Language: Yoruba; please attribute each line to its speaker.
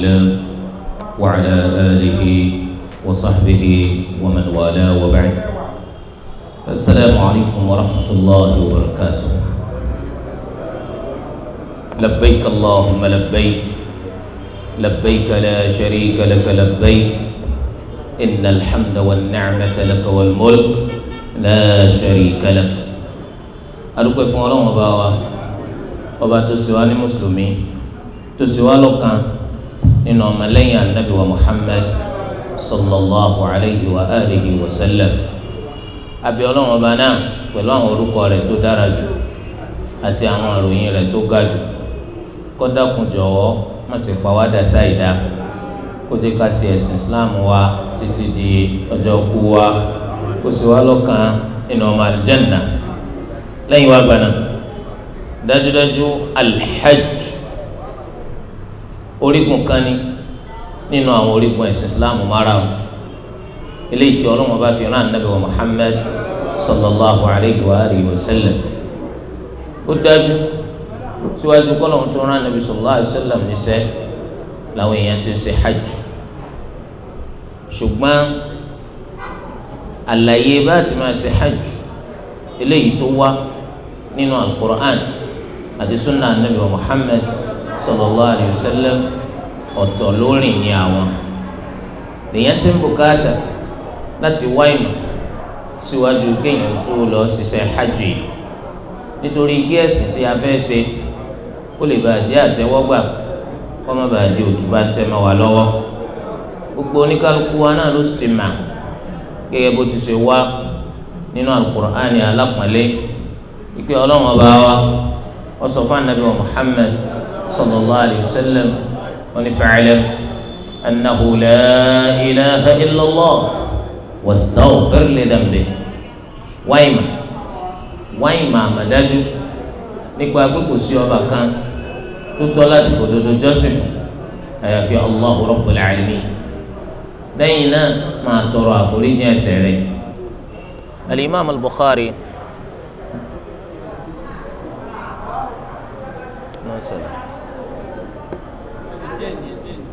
Speaker 1: الله وعلى آله وصحبه ومن والاه وبعد السلام عليكم ورحمة الله وبركاته لبيك اللهم لبيك لبيك لا شريك لك لبيك إن الحمد والنعمة لك والملك لا شريك لك adúpẹ́ فعلا ọlọ́run وباتو wa مسلمين تو سوالو كان nínú ọmọlẹ́yìn anabi wa muhammad sallallahu alayhi wa alihi wa sallam àbí ọlọ́run ọba náà pẹ̀lú àwọn orúkọ rẹ̀ tó dára jù àti àwọn àròyìn rẹ̀ tó ga jù kó dákun jọ̀wọ́ má ṣe pa wá dà sáìdá kó jẹ́ ká ṣe ẹ̀sìn islam wa títí di ọjọ́ kú wa kó sì wá lọ́kàn nínú ọmọ aljanna lẹ́yìn wá gbaná dájúdájú alhajj orígun kan ni nínú àwọn orígun ẹ̀sìn islamu márùn-ún eléyìí tí ọlọ́run bá fi rán anabi wa muhammad sallallahu alayhi wa alihi wa sallam ó dájú síwájú kọ́lọ́run tó rán anabi sallallahu alayhi wa sallam níṣẹ́ làwọn èèyàn ti ń ṣe hajj ṣùgbọ́n àlàyé bá ti máa ṣe hajj eléyìí tó wá nínú alukur'an àti sunna anabi wa muhammad sallallahu alayhi wa sallam ọ̀tọ̀ lórin ní àwọn lèyẹn ṣe ń bùkátà láti wá ìmọ̀ síwájú kéèyàn tó lọ ṣiṣẹ́ hajj nítorí kí ẹ̀sìn tí a fẹ́ ṣe kó lè bàa jẹ́ àtẹ́wọ́gbà kó má bàa di òtún bá ń tẹ́ mọ́ wa lọ́wọ́ gbogbo oníkálukú wa náà ló sì ti mà gẹ́gẹ́ bó ti ṣe wá nínú alukur'ani alápọ̀nlé ìpè ọlọ́run ọba wa ó sọ fún anabi wa muhammed. صلى الله عليه وسلم ونفعلم أنه لا إله إلا الله واستغفر لذنبك وإما وإما مدجو نكوى بكو سيوبا كان تطلت فدود جوسف أي في الله رب العالمين لينا ما ترى فريج يسعلي الإمام البخاري ما نعم، سلام 见你，见